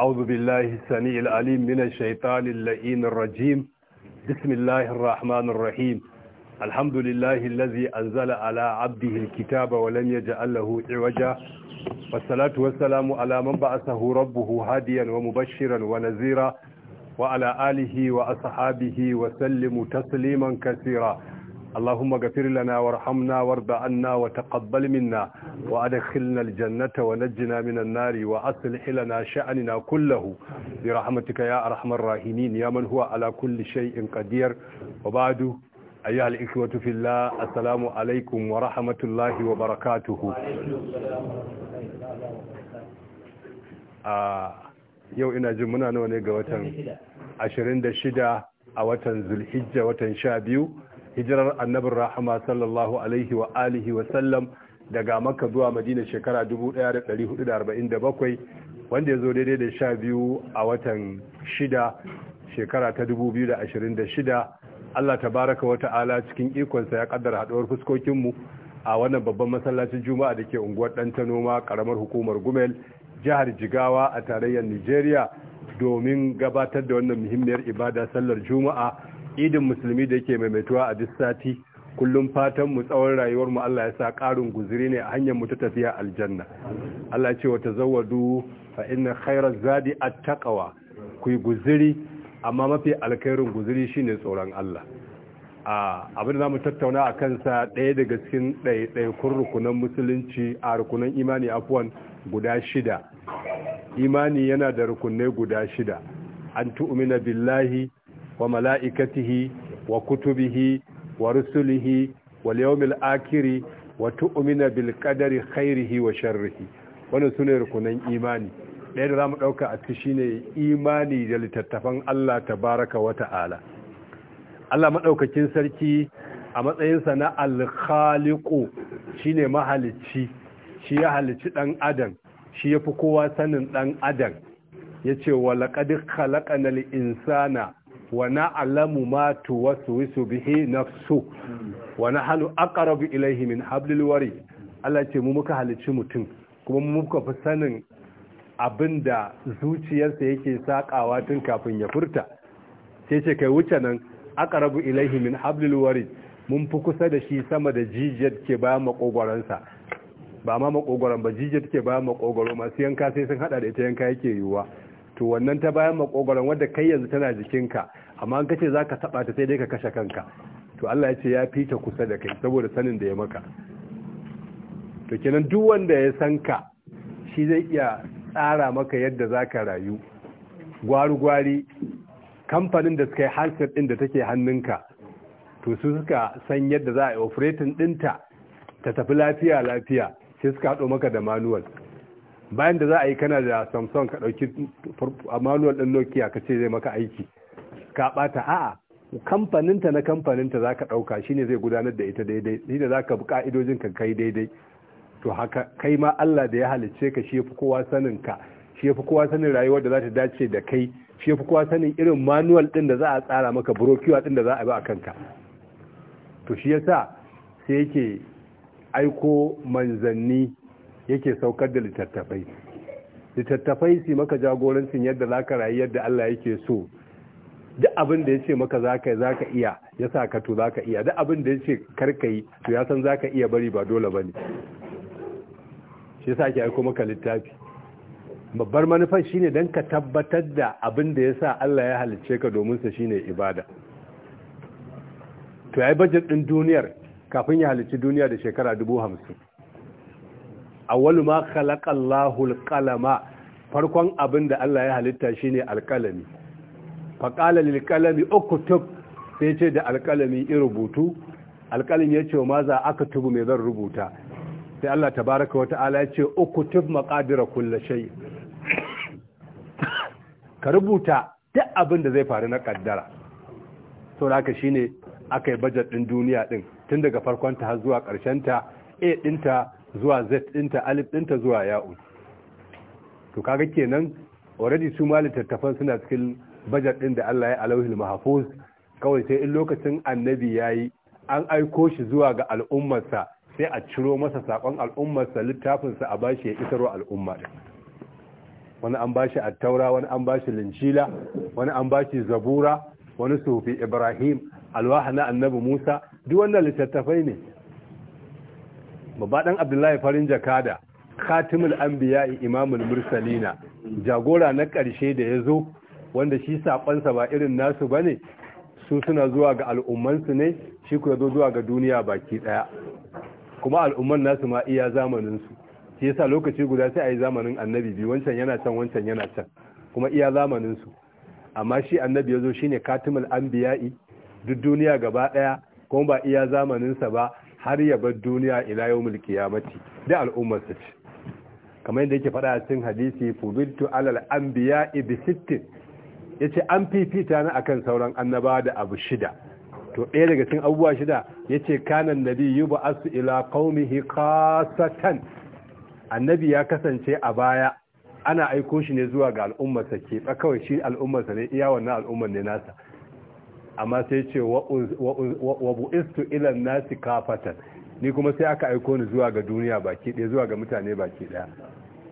أعوذ بالله السميع العليم من الشيطان اللئيم الرجيم بسم الله الرحمن الرحيم الحمد لله الذي أنزل على عبده الكتاب ولم يجعل له عوجا والصلاة والسلام على من بعثه ربه هاديا ومبشرا ونذيرا وعلى آله وأصحابه وسلم تسليما كثيرا اللهم اغفر لنا وارحمنا وارض عنا وتقبل منا وادخلنا الجنة ونجنا من النار وأصلح لنا شأننا كله برحمتك يا أرحم الراحمين يا من هو على كل شيء قدير وبعد أيها الإخوة في الله السلام عليكم ورحمة الله وبركاته yau ina jin muna nawa ne ga watan 26 a watan zulhijja watan 12 hijirar annabin rahama sallallahu alaihi wa alihi wa sallam daga makka zuwa madina shekara 1447 wanda ya zo daidai da sha biyu a watan shida shekara ta 2026 Allah ta baraka wa ta'ala cikin ikonsa ya kaddara haɗuwar fuskokinmu a wannan babban masallacin juma'a da ke unguwar ta noma ƙaramar hukumar gumel jihar jigawa a tarayyar nigeria domin gabatar da wannan muhimmiyar ibada sallar juma'a idin musulmi da yake maimaituwa a duk sati kullum fatan mu tsawon rayuwar mu Allah ya sa ƙarin guzuri ne a hanyar mu ta tafiya aljanna Allah ce wa tazawwadu fa inna khairaz zadi at-taqwa ku yi guzuri amma mafi alkhairin guzuri shine tsoron Allah a abin da zamu tattauna a kansa ɗaya daga cikin kun rukunan musulunci a rukunan imani afwan guda shida imani yana da rukunai guda shida an tu'mina billahi wa mala'ikatihi wa kutubihi wa rusulihi wa yawmil akhir wa tu'umina bil khairihi wa sharrihi wani sune rukunan imani ɗaya da za mu ɗauka a ci ne imani da littattafan Allah Ta baraka wa ta'ala Allah Maɗaukakin sarki a matsayinsa na shi shine mahalicci shi ya halicci ɗan adam shi ya fi kowa sanin ɗan adam ya ce wa laƙadi khalaqanal insana wa alamu ma tuwaswisu bihi nafsu wa nahnu aqrabu ilayhi min hablil warid Allah ce mu muka halicci mutum kuma mu muka fi sanin abinda zuciyarsa yake sakawa tun kafin ya furta sai ce kai wuce nan aqrabu ilayhi min hablil warid mun fi kusa da shi sama da jijiyar ke ba makogoransa ba ma makogoran ba jijiyar ke ba makogoro masu yanka sai sun hada da ita yanka yake yiwuwa to wannan ta bayan makogoron wadda kai yanzu tana jikinka amma an kace zaka taba ta sai dai ka kashe kanka to Allah ya ce ya fita kusa da kai saboda sanin da ya maka to kenan duk wanda ya san ka shi zai iya tsara maka yadda zaka rayu gwari-gwari kamfanin da suka yi hansar din da take hannunka to su suka san yadda za a yi operating dinta ta tafi lafiya lafiya sai suka haɗo maka da manual bayan da za a yi kana da samson ka ɗauki manuwar ɗin nokia ka ce zai maka aiki ka ɓata a'a kamfaninta na kamfaninta za ka ɗauka shi ne zai gudanar da ita daidai shi ne za ka bi ƙa'idojin ka kai daidai to haka kai ma allah da ya halicce ka shi ya fi kowa sanin ka shi fi kowa sanin rayuwar da za ta dace da kai shi fi kowa sanin irin manuwal ɗin da za a tsara maka burokiwa ɗin da za a bi a kanka to shi yasa sai yake aiko manzanni yake saukar da littattafai littattafai su maka jagorancin yadda za ka rayu yadda Allah yake so duk abin da ya ce maka za ka za ka iya ya sa ka to za ka iya duk abin da ya ce karka yi to ya san za ka iya bari ba dole ba ne shi sa ke aiko maka littafi babbar manufar shine don ka tabbatar da abin da ya sa Allah ya halicce ka domin sa shine ibada to ya yi bajet din duniyar kafin ya halicci duniya da shekara dubu hamsin awwalu ma khalaqa Allahu farkon abin da Allah ya halitta shine alkalami lil qalami uktub sai ce da alkalami in rubutu alkalami ya ce ma za aka tubu mai zan rubuta sai Allah tabaaraka wa ta'ala ya ce uktub maqadira kulli shay ka rubuta duk abin da zai faru na kaddara to haka shine akai bajet din duniya din tun daga farkon ta har zuwa ƙarshen ta a dinta zuwa z ɗinta alif ɗinta zuwa ya'un to kaga kenan already su ma littattafan suna cikin bajar ɗin da Allah ya alauhil mahfuz kawai sai in lokacin annabi yayi an aiko shi zuwa ga al'ummarsa sai a ciro masa saƙon al'ummarsa littafinsa a bashi ya isarwa al'umma din wani an bashi attaura wani an bashi linjila wani an bashi zabura wani sufi ibrahim alwaha na annabi musa duk wannan littattafai ne babba abdullahi farin jakada khatimul anbiya imamul mursalina jagora na ƙarshe da ya zo wanda shi saƙonsa ba irin nasu ba ne su suna zuwa ga al'ummansu ne shi kuma zo zuwa ga duniya baki ɗaya kuma al'umman nasu ma iya zamaninsu shi yasa lokaci guda sai a yi zamanin annabi bi wancan yana can wancan yana can kuma iya zamaninsu amma shi annabi ya zo shine khatimul anbiya duk duniya gaba ɗaya kuma ba iya zamaninsa ba har ya duniya ila yawmul qiyamati da al'ummar sa ce kamar yadda yake faɗa a cikin hadisi fubiltu alal anbiya bi sittin yace an fifita ni akan sauran annabawa da abu shida to ɗaya daga cikin abubuwa shida yace kana nabi yub'asu ila qaumihi qasatan annabi ya kasance a baya ana aiko shi ne zuwa ga al'ummarsa ke tsakawai shi al'ummarsa ne iya wannan al'ummar ne nasa amma sai ce wa bu'istu ilan nasi kafatan ni kuma sai aka aiko ni zuwa ga duniya baki ɗaya zuwa ga mutane baki ɗaya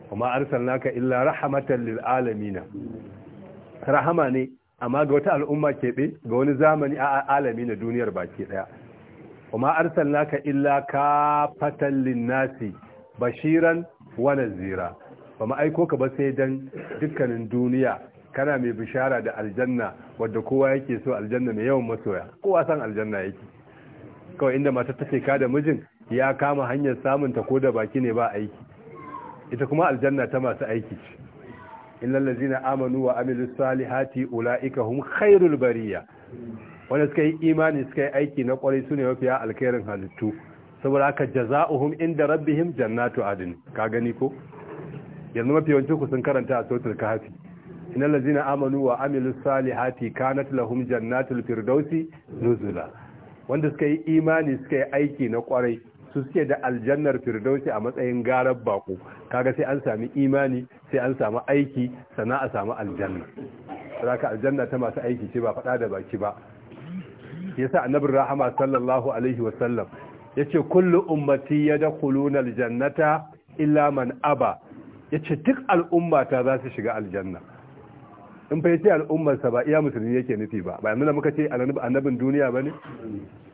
kuma arsalnaka illa rahmatan lil alamina rahama ne amma ga wata al'umma keɓe ga wani zamani a alami na duniyar baki ɗaya kuma arsalnaka illa kafatan lin nasi bashiran wa nazira ba mu aiko ka ba sai dan dukkanin duniya kana mai bishara da aljanna wadda kowa yake so aljanna mai yawan masoya kowa san aljanna yake kawai inda mata ta ka da mijin ya kama hanyar samunta ko da baki ne ba aiki ita kuma aljanna ta masu aiki In illal ladzina amanu wa amilus salihati ulaika hum khairul bariya wanda suka yi imani suka yi aiki na kwarai sune mafiya alkhairin halittu saboda haka jaza'uhum inda rabbihim jannatu adini, ka gani ko yanzu mafi yawanci ku sun karanta a sautul kahfi na lazina amanu wa amilus salihati kanat lahum jannatul firdausi nuzula wanda suka yi imani suka yi aiki na kwarai su suke da aljannar firdausi a matsayin garar bako kaga sai an sami imani sai an sami aiki sana'a a samu aljanna saka aljanna ta masu aiki ce ba faɗa da baki ba yasa Annabi rahama sallallahu alaihi wasallam yace kullu ummati yadkhuluna aljannata illa man aba yace duk al'umma ta za su shiga aljanna in fa yace al'ummarsa ba iya musulmi yake nufi ba ba yanzu muka ce annabin duniya ba ne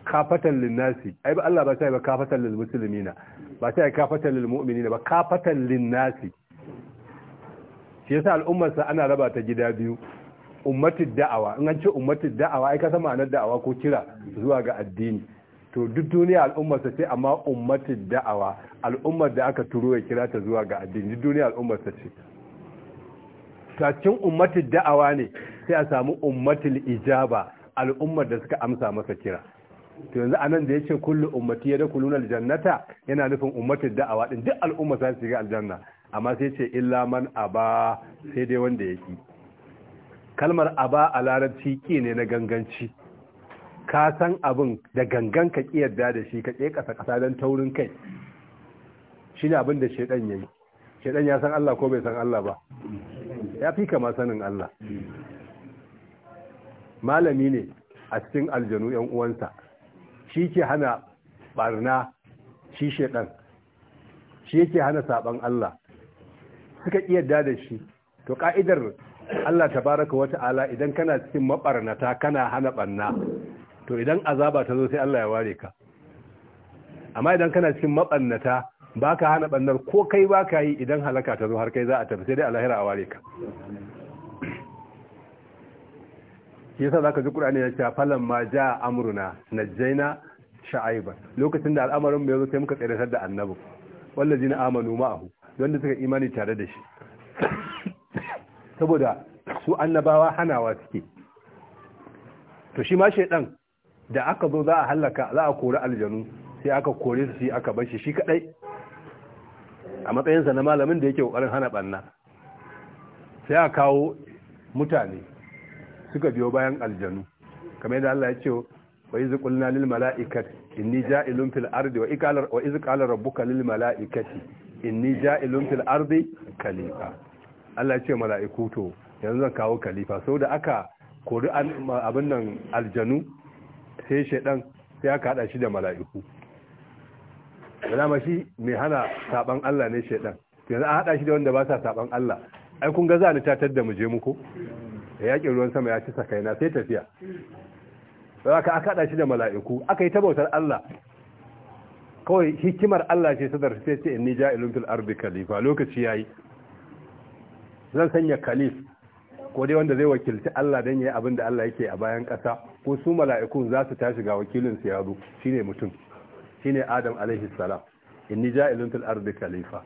kafatan linnasi ai ba Allah ba sai ba kafatan lil muslimina ba sai kafatan lil mu'minina ba kafatan linnasi shi yasa al'ummarsa ana raba ta gida biyu ummatud da'awa in an ce ummatud da'awa ai ka san ma'anar da'awa ko kira zuwa ga addini to duk duniya al'ummarsa ce amma ummatud da'awa al'ummar da aka turo ya kira ta zuwa ga addini duk duniya al'ummarsa ce cikin ummatin da'awa ne sai a samu ummatin ijaba al'ummar da suka amsa masa kira to yanzu anan da yake kullu ummati yadkhuluna aljannata yana nufin ummatin da'awa din duk al'umma za su shiga aljanna amma sai ce illa man aba sai dai wanda yake kalmar aba a larabci ki ne na ganganci ka san abin da gangan ka ki yarda da shi ka ke kasa kasa dan taurin kai Shi ne abin da shedan yayi shedan ya san Allah ko bai san Allah ba ya fi kama sanin Allah malami ne a cikin aljanu yan uwansa shi ke hana barna shi shedan shi yake hana saban Allah suka iya da shi to ka'idar Allah tabaraka wa ta'ala idan kana cikin mabarnata kana hana barna to idan azaba ta zo sai Allah ya ware ka amma idan kana cikin mabarnata ba ka hana bannar ko kai ba ka yi idan halaka ta zo har kai za a tafi sai dai alahira a ware ka yasa za ka ji ƙur'ani ya ce falon ma ja na Jaina sha'aiba lokacin da al'amarin mu zo sai muka tsiratar da annabu wanda na amanu ma'ahu wanda suka imani tare da shi saboda su annabawa hanawa suke to shi ma shaidan da aka zo za a halaka za a kori aljanu sai aka kore su aka bar shi shi kadai a matsayinsa na malamin da yake kokarin hana banna sai a kawo mutane suka biyo bayan aljanu kamar yadda Allah ya ce wa iz qulna lil mala'ikati inni ja'ilun fil ardi wa iqala wa iz qala rabbuka lil mala'ikati inni ja'ilun fil ardi khalifa Allah ya ce mala'iku to yanzu zan kawo khalifa da aka kori abin nan aljanu sai shaidan sai aka hada shi da mala'iku da ma shi mai hana saban Allah ne shaidan yanzu an haɗa shi da wanda ba sa saban Allah ai kun ga za ni tatar da mu je muku da yakin ruwan sama ya ci sakaina sai tafiya sai ka aka haɗa shi da mala'iku aka yi ta bautar Allah kawai hikimar Allah ce sadar sai ce inni ja'ilun fil ardi khalifa lokaci yayi zan sanya khalif ko dai wanda zai wakilci Allah dan yayi abin da Allah yake a bayan ƙasa ko su mala'ikun za su tashi ga wakilin su ya shi shine mutum shine adam alaihi salam inni ja'ilun fil ardi khalifa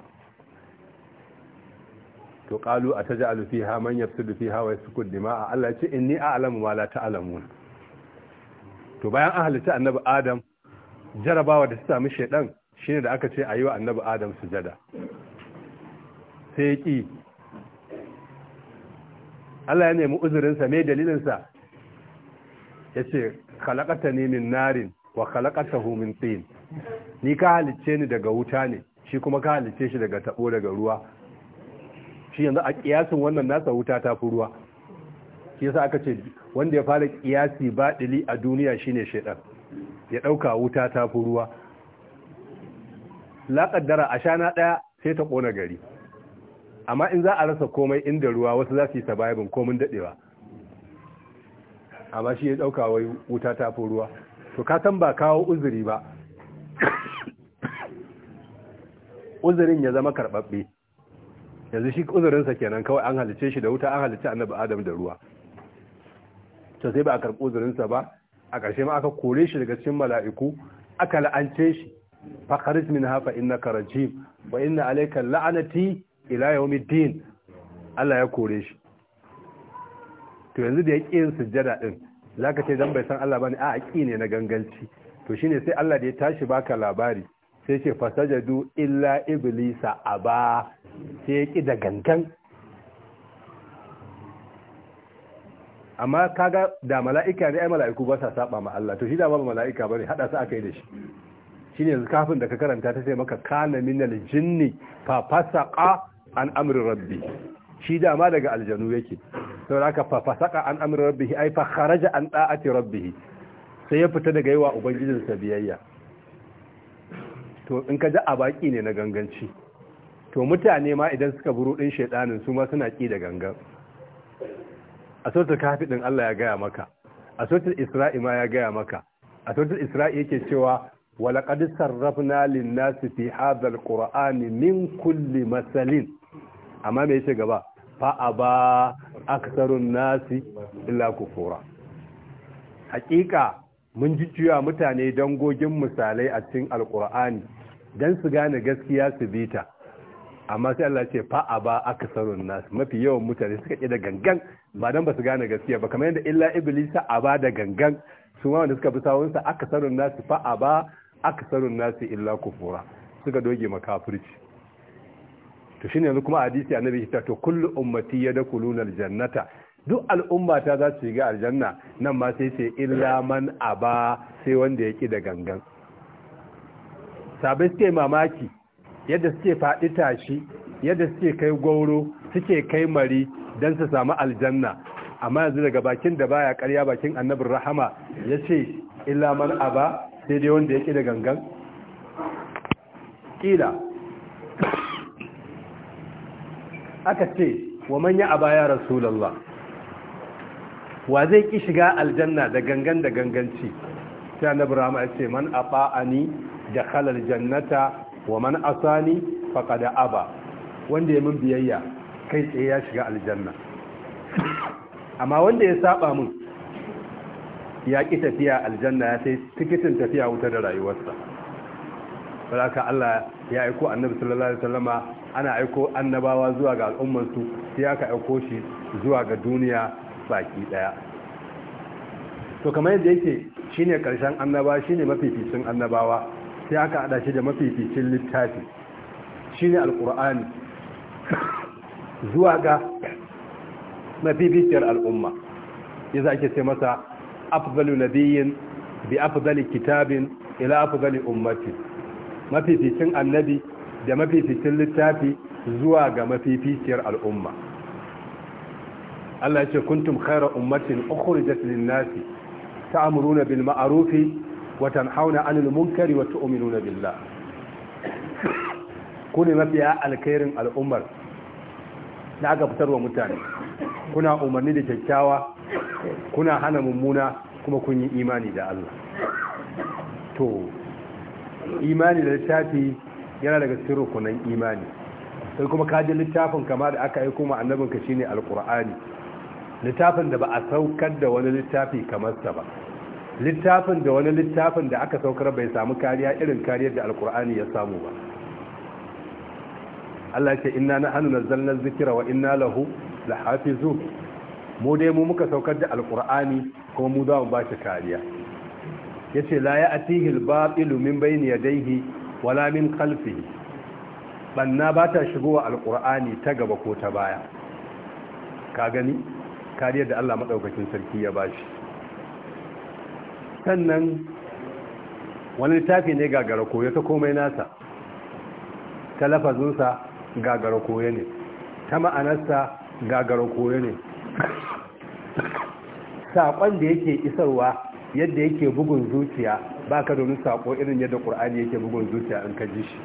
to qalu ataj'alu fiha man lufi fiha wa yasfiku dima'a Allah ce inni a'lamu ma la ta'lamun to bayan an halitta annabi adam jarabawa da su sami shedan shine da aka ce yi wa annabi adam sujada sai ki Allah ya nemi uzurinsa mai dalilinsa ya ce kalakata ne min narin wa kalakata hu min tsin ni ka halicce ni daga wuta ne shi kuma ka halicce shi daga tabo daga ruwa shi yanzu a kiyasin wannan nasa wuta ta fi ruwa shi yasa aka ce wanda ya fara kiyasi baɗili a duniya shine shaidan ya ɗauka wuta ta fi ruwa laƙaddara a shana ɗaya sai ta ƙona gari amma in za a rasa komai inda ruwa wasu za su yi sababin komin daɗewa amma shi ya ɗauka wai wuta ta fi ruwa to ka san ba kawo uzuri ba uzurin ya zama karɓaɓɓe yanzu shi uzurinsa kenan kawai an halice shi da wuta an halice annabi adam da ruwa to sai ba a karɓi uzurinsa ba a ƙarshe ma aka kore shi daga cikin mala'iku aka la'ance shi kharij min hafa innaka rajim wa inna alayka la'anati ila yawmiddin Allah ya kore shi to yanzu da ya ƙi yin sujjada din zaka ce dan bai san Allah bane a aki ne na ganganci to shine sai Allah da ya tashi baka labari sai ce fasajadu illa iblisa aba sai ya ki da gangan amma kaga da mala'ika ne ai mala'iku ba sa saba ma Allah to shi da ba mala'ika bane hada su akai da shi shine yanzu kafin da ka karanta ta sai maka kana minal jinni fa fasaqa an amri rabbi shi da ma daga aljanu yake saboda ka fa fasaqa an amri rabbi ai fa kharaja an da'ati rabbi sai ya fita daga yi yawa ubangijinsa biyayya to in ka ji a baki ne na ganganci to mutane ma idan suka buru ɗin shaidanin su ma suna ƙi da gangan a sautar kafi ɗin Allah ya gaya maka a sautar isra'i ma ya gaya maka a sautar isra'i yake cewa walaƙadi sarrafna linnasi fi hadhal qur'ani min kulli masalin amma me yace gaba fa a aba aktharun nasi illa kufura haƙiƙa mun jujjuya mutane dangogin misalai a cikin alkur'ani don su gane gaskiya su bita. ta amma sai Allah ce fa'a ba aka sarun nasu mafi yawan mutane suka ƙi da gangan ba don ba su gane gaskiya ba kamar yadda illa iblisa a ba da gangan su ma wanda suka fi sawunsa aka sarun nasu fa'a ba aka sarun nasu illa kufura suka doge makafirci to shine yanzu kuma hadisi annabi ta to kullu ummati yadkhuluna jannata. duk al'umma ta za su shiga aljanna nan ma sai ce illa man aba sai wanda ya ki da gangan sabai suke mamaki yadda suke faɗi tashi yadda suke kai gwauro suke kai mari don su samu aljanna amma yanzu daga bakin da baya karya bakin annabin rahama ya ce illa man aba sai dai wanda ya ƙi da gangan ƙila aka ce wa manya aba ya rasulallah wa zai ki shiga aljanna da gangan da ganganci sai annabi rahama ya ce man afa'ani da khalal jannata wa man asani faqad aba wanda ya min biyayya kai sai ya shiga aljanna amma wanda ya saba mun ya ki tafiya aljanna ya sai tikitin tafiya wuta da rayuwarsa balaka Allah ya aiko annabi sallallahu alaihi wasallama ana aiko annabawa zuwa ga al'ummansu sai aka aiko shi zuwa ga duniya baki daya to kamar yadda yake shine karshen annaba shine mafificin annabawa sai aka hada shi da mafificin littafi shine alqur'ani zuwa ga mafificiyar al'umma yasa ake ce masa afdalu nabiyyin bi afdali kitabin ila afdali ummati mafificin annabi da mafificin littafi zuwa ga mafificiyar al'umma Allah ya ce kuntum khairu ummatin ukhrijat lin-nasi ta'muruna bil ma'ruf wa tanhauna 'anil munkari wa tu'minuna billah kuni mafiya alkhairin al'ummar da aka fitarwa mutane kuna umarni da kyakkyawa kuna hana mummuna kuma kun yi imani da Allah to imani da littafi yana daga cikin rukunan imani sai kuma kaji littafin kama da aka yi kuma annabinka shine alkur'ani littafin da ba a saukar da wani littafi kamar sa ba littafin da wani littafin da aka saukar bai samu kariya irin kariyar da alkur'ani ya samu ba Allah ya ce inna nahnu nazzalna dhikra wa inna lahu lahafizun mu dai mu muka saukar da alkur'ani kuma mu za ba shi kariya yace la ya'tihi al batilu min bayni yadayhi wala min khalfihi banna ba ta shigowa alkur'ani ta gaba ko ta baya ka gani kariyar da Allah maɗaukacin sarki ya ba shi sannan wani littafi ne gagara koyo ta komai nasa ta lafazinsa gagara koyo ne ta ma'anarsa gagara koyo ne saƙon da yake isarwa yadda yake bugun zuciya ba ka domin saƙo irin yadda ƙur'ani yake bugun zuciya in ka ji shi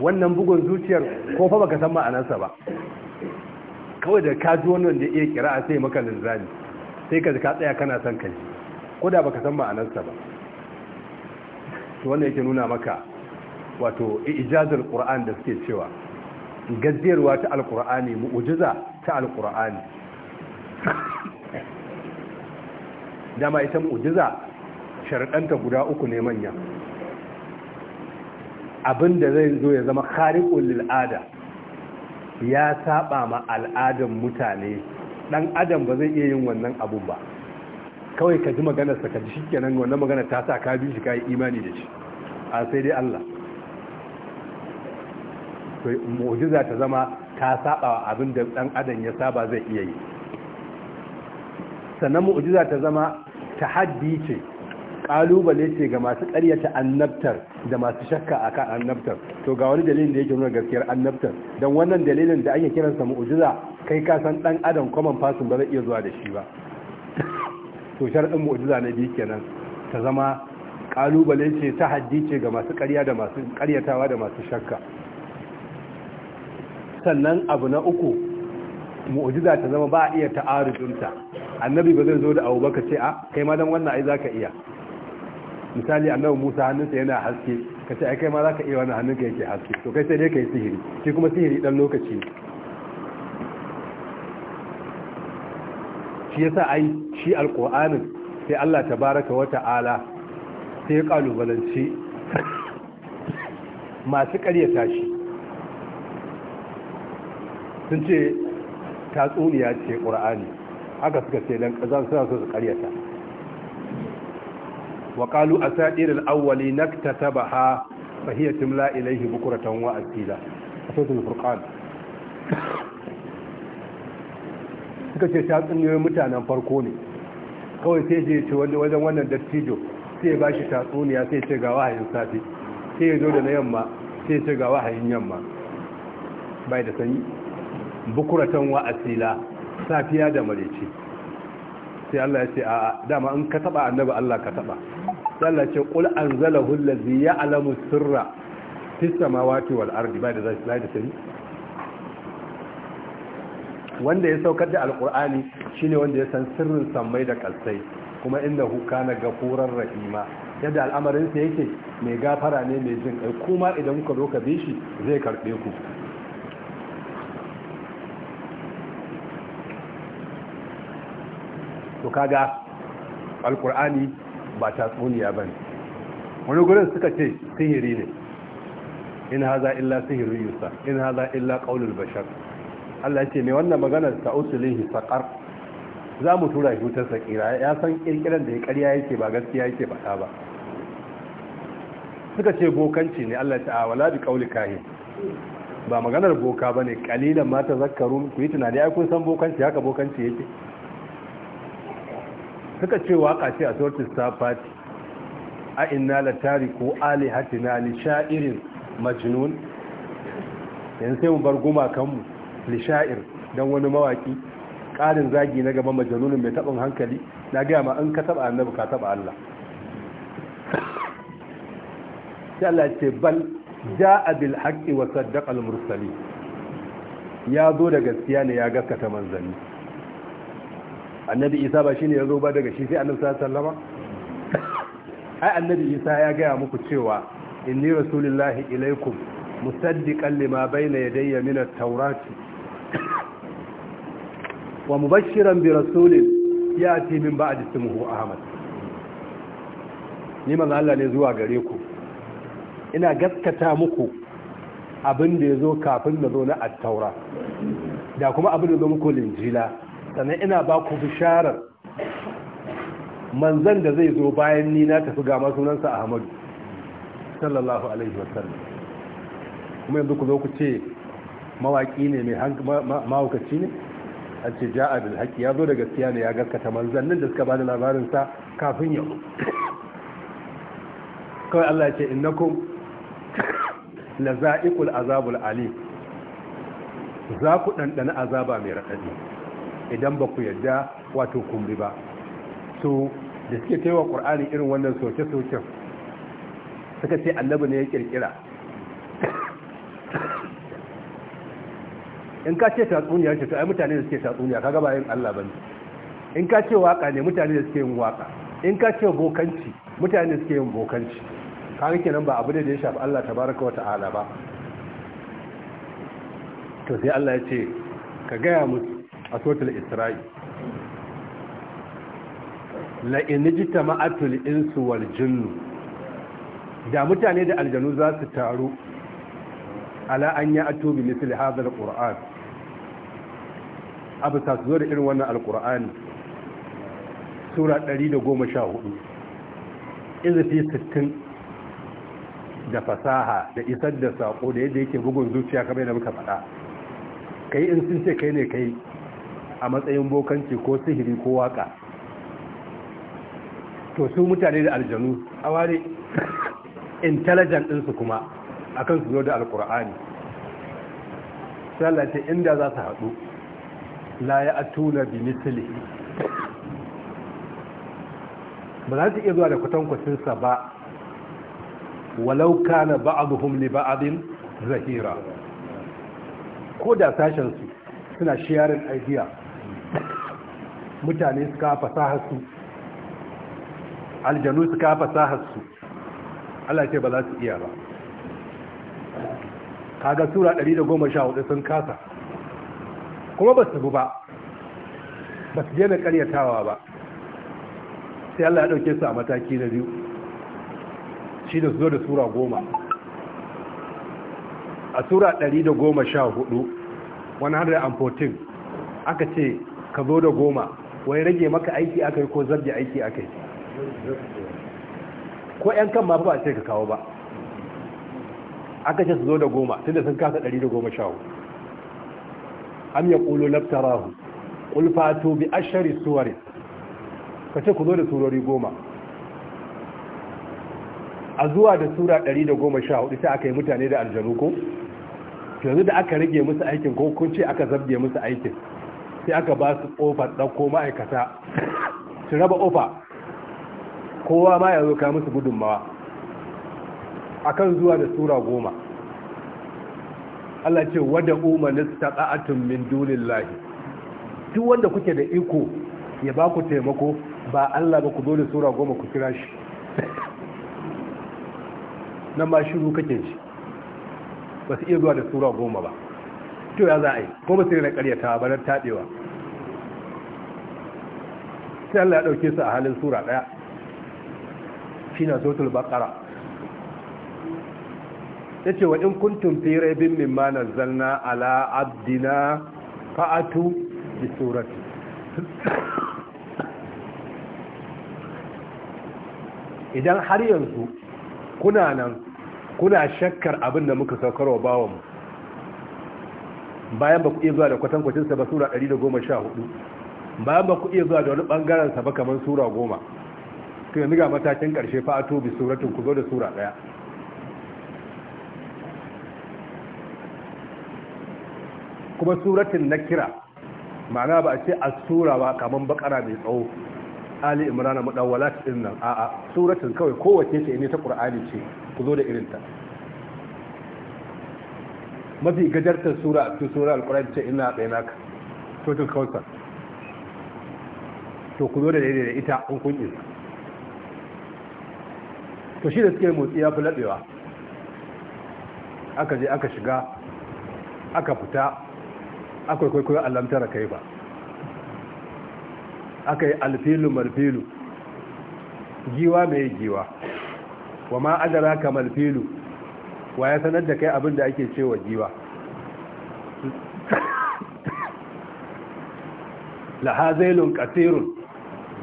wannan bugun zuciyar ko fa baka san ma'anarsa ba kawai da ka ji wani wanda iya kira'a sai maka linzami sai ka ka tsaya kana son kai ko da baka san ma'anarsa ba to wannan yake nuna maka wato ijazar qur'an da suke cewa gaddiyarwa ta alqur'ani mu'jiza ta alqur'ani dama ita mu'jiza sharadanta guda uku ne manya abinda zai zo ya zama khariqul lil'ada ya saba ma al'adan mutane dan adam ba zai iya yin wannan abun ba kawai ka ji maganarsa ka ji shikenan wannan magana ta sa ka bi shi ka yi imani da shi a sai dai Allah sai mu'jiza ta zama ta saba wa abin da dan adam ya saba zai iya yi sannan mu'jiza ta zama tahaddi ce kalubale ce ga masu ƙaryata annabtar da masu shakka akan annabtar to ga wani dalilin da yake nuna gaskiyar annabtan don wannan dalilin da ake kiransa mu'jiza kai ka san dan adam common person ba zai iya zuwa da shi ba to sharadin mu'jiza na biyu kenan ta zama kalubale ce ta haddi ce ga masu ƙarya da masu ƙaryatawa da masu shakka sannan abu na uku mu'jiza ta zama ba a iya ta'arujunta annabi ba zai zo da abu ce a kai ma dan wannan ai zaka iya misali annabi Musa hannunsa yana haske ka ce kai ma za ka iya wani hannunka yake haske to kai sai dai ka yi sihiri shi kuma sihiri dan lokaci ne shi yasa ai shi alƙur'anin sai Allah ta baraka wa ta'ala sai ya ƙalubalance masu ƙaryata shi sun ce tatsuniya ce ƙur'ani haka suka ce don ƙazan suna so su ƙaryata وقالوا اساطير asatir al فهي تملا اليه بكره timla ilayhi الفرقان wa asila suratul furqan suka ce ta tsinniyoyin mutanen farko ne kawai sai je ce wajen wannan dattijo sai ba shi tatsuniya sai ce ga wahayin safi sai ya zo da na yamma sai ce ga wahayin yamma bai da sanyi bukuratan wa asila safiya da mareci sai Allah ya ce a dama in ka taba annabi Allah ka taba sallah ce qul anzalahu allazi ya'lamu sirra fis samawati wal ardi ba da zai da sani wanda ya saukar da alqur'ani shine wanda ya san sirrin sammai da kalsai kuma innahu kana gafurar rahima yadda al'amarin sa yake mai gafara ne mai jin kai kuma idan kuka zo ka bi shi zai karbe ku to kaga alqur'ani ba tatsuniya ba ne wani gudun suka ce sihiri ne in haza illa sihirin yusa in haza illa ƙaunar bashar allah ce mai wannan maganar usulin saƙar za mu tura shi wutar saƙira ya san ƙirƙiran da ya ƙarya yake ba gaskiya yake faɗa ba suka ce bokanci ne allah ce a bi ƙauli kahin ba maganar boka ba ne ƙalilan mata zakarun ku yi tunani ai kun san bokanci haka bokanci yake suka ce waka ce a sautin Party a inna la tariku alihatina li sha'irin majnun yanzu sai mu bar gumakanmu li sha'ir dan wani mawaki ƙarin zagi na gaban majalunin mai taɓin hankali na gaya ma in ka taɓa annabi ka taɓa Allah sai Allah ce bal ja'a bil haqqi wa saddaqa al mursali ya zo da gaskiya ne ya gaskata manzanni annabi isa ba shine ya zo ba daga shi sai annabi sallama ai annabi isa ya gaya muku cewa inni rasulillahi ilaikum musaddiqan lima bayna yadayya min at-taurati wa mubashiran bi rasulin yati min ba'di ismihi ahmad ni manzo Allah ne zuwa gare ku ina gaskata muku abin da yazo kafin na zo na at-taura da kuma abin da zo muku linjila sannan ina ba ku bisharar manzan da zai zo bayan ni na tafi gama sunansa ahmadu sallallahu alaihi wasallam kuma yanzu ku zo ku ce mawaki ne mai mawakaci ne a ce ja abin haƙi ya zo da gaskiya ne ya gaskata manzannin da suka ba bada labarinsa kafin yau kawai allah ya ce innakum la za'iqul azabul ali za ku ɗanɗana azaba mai raɗaɗi idan ba ku yadda wato kumbi ba so da suke taiwa ƙur'ani irin wannan soke-soken suka ce annabi ne ya ƙirƙira in ka ce tatsuniya ce to ai mutane da suke tatsuniya ka gaba yin Allah ba in ka ce waka ne mutane da suke yin waka in ka ce bokanci mutane da suke yin bokanci kaga nan ba abu ne da ya shafi Allah ta baraka wa ta'ala ba to sai Allah ya ce ka gaya musu a total isra'i la'inijita ma'atul insu wal jinnu da mutane da aljanu za su taru ala an yi atobi misali hazar ƙura'an abu ta zo da irin wannan alƙura'an sura 114 fi 60 da fasaha da isar da saƙo da yadda yake bugun zuciya kamar yadda muka faɗa kai in sun ce kai ne kai a matsayin bokanci ko sihiri ko waka to su mutane da aljanu a ware intelligent ɗinsu kuma akan su zo da alkur'ani sallace inda za su haɗu la ya atuna bi misali ba za su iya zuwa da kwatankwacinsa ba Walauka walau kana ba'aduhum ba abin zahira ko da sashensu suna sharing idea mutane suka fasahar su aljanu suka fasahar su Allah ce ba za su iya ba kaga sura 114 sun kasa kuma ba su bu ba ba su daina karyatawa ba sai Allah ya dauke su a mataki na biyu shi da su zo da sura goma a sura 114 114 aka ce ka zo da goma wai rage maka aiki akai ko zarge aiki akai ko yan kan ma ba a ce ka kawo ba aka ce su zo da goma tunda sun kasa ɗari da goma sha hudu am ya ƙulo laftarahu ƙulfato bi ashari suwari ka ce ku zo da surori goma a zuwa da sura ɗari da goma sha hudu sai aka yi mutane da aljanu ko yanzu da aka rage musu aikin ko kun ce aka zabge musu aikin sai aka ba su ofar ɗauko ma'aikata su raba ofa kowa ma ya zo ka musu gudunmawa akan zuwa da sura goma Allah ce wada umarnin taƙa'atun min dunin lahi duk wanda kuke da iko ya ba ku taimako ba Allah ba ku zo da sura goma ku kira shi nan ma shiru kake shi ba su iya zuwa da sura goma ba to ya za a yi ko ba su yi na karyatawa ba na taɓewa sai Allah ya dauke su a halin sura daya shine suratul baqara yace wa in kuntum fi raibin mimma nazzalna ala abdina fa'atu bi surati idan har yanzu kuna nan kuna shakkar abin da muka saukarwa bawanmu bayan ba ku iya zuwa da kwatankwacinsa ba sura 114 ba ba ku iya zuwa da wani bangaren sa ba kamar sura goma to yanzu ga matakin karshe fa ato bi suratin ku zo da sura daya kuma suratin nakira ma'ana ba a ce a sura ba kamar bakara mai tsawo ali imran mudawwalat din nan a'a suratin kawai kowace ce ne ta qur'ani ce ku zo da irinta mafi gajartar sura a cikin sura alkur'ani ce ina bayanaka suratul kawthar to ku zo da daidai da ita in kun isa to shi da suke motsi ya fi laɓewa aka je aka shiga aka fita aka kwaikwayo alamtar kai ba aka yi alfilu marfilu giwa mai giwa wa ma adara ka marfilu wa ya sanar da kai abin da ake cewa giwa lahazailun katirun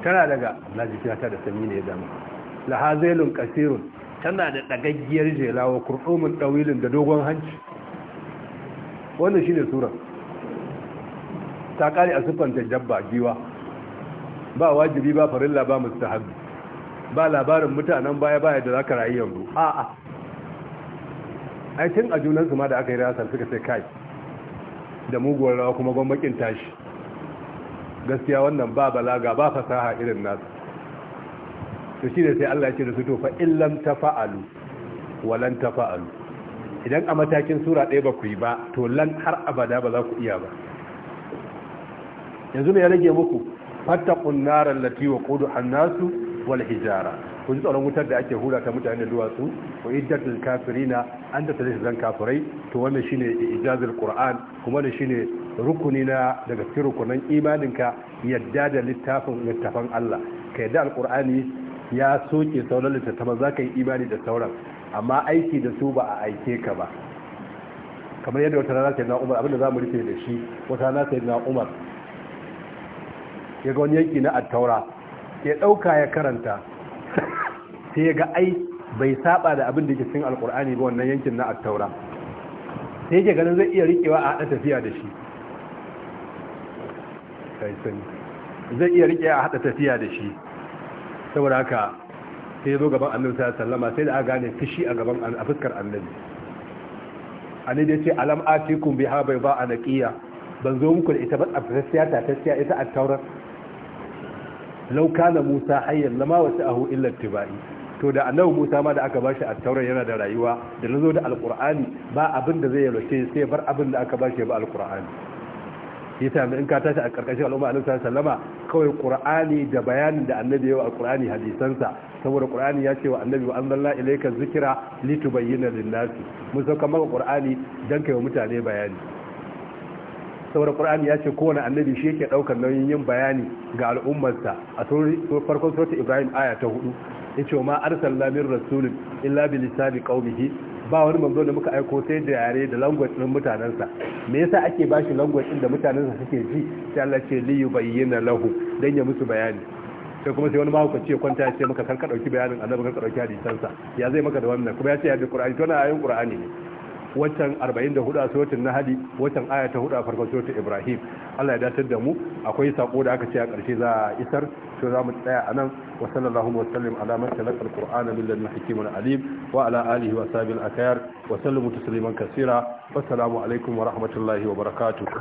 tana daga na jikina ta da sami ne ya dama lahazelun kasirun tana da ɗagaggiyar jelawa kurɗumin ɗawilin da dogon hanci wannan shi ne suran ta ƙari a siffanta dabba giwa ba wajibi ba farilla ba mustahabi ba labarin mutanen baya baya da za ka rayu yanzu a ai tun a junansu ma da aka yi rasar suka sai kai da muguwar rawa kuma gwamnatin tashi gaskiya wannan ba balaga ba fasaha irin nasu to shi da sai Allah ya ce da su to fa illam tafa'alu walan tafa'alu idan a matakin sura ɗaya ba ku yi ba to lan har abada ba za ku iya ba yanzu ne ya rage muku fattaqun nar allati waqudu annasu wal hijara ku ji tsoron wutar da ake hura ta mutane da duwatsu wa iddatul kafirina an da tare zan kafirai to wannan shine ijazul qur'an kuma ne shine rukuni na daga cikin rukunan imaninka yadda da littafin littafan Allah ka yadda alkur'ani ya soke sauran littattafan za ka yi imani da sauran amma aiki da su ba a aike ka ba kamar yadda wata rana sayyidina Umar abinda zamu rufe da shi wata rana sayyidina Umar ya ga wani yanki na attaura ya dauka ya karanta sai ya ga ai bai saba da abin da yake cikin alkur'ani ba wannan yankin na attaura sai ga ganin zai iya riƙewa a hada tafiya da shi kai zai iya rike a haɗa tafiya da shi saboda haka sai zo gaban annabi sallallahu alaihi sai da aka gane fishi a gaban a fuskar annabi ani ya ce alam atikum bi bai ba anaqiya ban zo muku da ita ba fasiya ta tafiya ita a taurar law kana musa hayyan lama wasahu illa illar tibai to da annabi musa ma da aka bashi a taurar yana da rayuwa da nazo da alqur'ani ba abin da zai yalwace sai bar abin da aka bashi ba alqur'ani yasa in ka tashi a karkashin al'umma annabi kawai qur'ani da bayanin da annabi yau a qur'ani hadisansa saboda qur'ani ya ce wa annabi wa anzalna ilayka zikira litubayyana lin-nasi mun sauka maka qur'ani dan kai wa mutane bayani saboda qur'ani ya ce kowane annabi shi yake daukar nauyin yin bayani ga al'ummarsa a farkon surata ibrahim aya ta hudu yace ma arsalna min Rasulun illa bi lisani qaumihi ba wani manzo da muka aiko sai da yare da language din mutanansa me yasa ake bashi language din da mutanansa suke ji sai Allah ce li yubayyana lahu dan ya musu bayani sai kuma sai wani ka ya kwanta ya ce maka kan ka dauki bayanin annabi kar ka dauki hadisansa ya zai maka da wannan kuma ya ce ya da qur'ani to na ayoyin qur'ani ne watan 44 a suratul nahl watan ayata ta 4 a farkon suratul ibrahim Allah ya datar da mu akwai sako da aka ce a ƙarshe za a isar to za mu tsaya anan وصلى اللهم وسلم على من تلقى القرآن من لدن حكيم عليم وعلى آله وأصحابه الأخيار وسلم تسليما كثيرا والسلام عليكم ورحمة الله وبركاته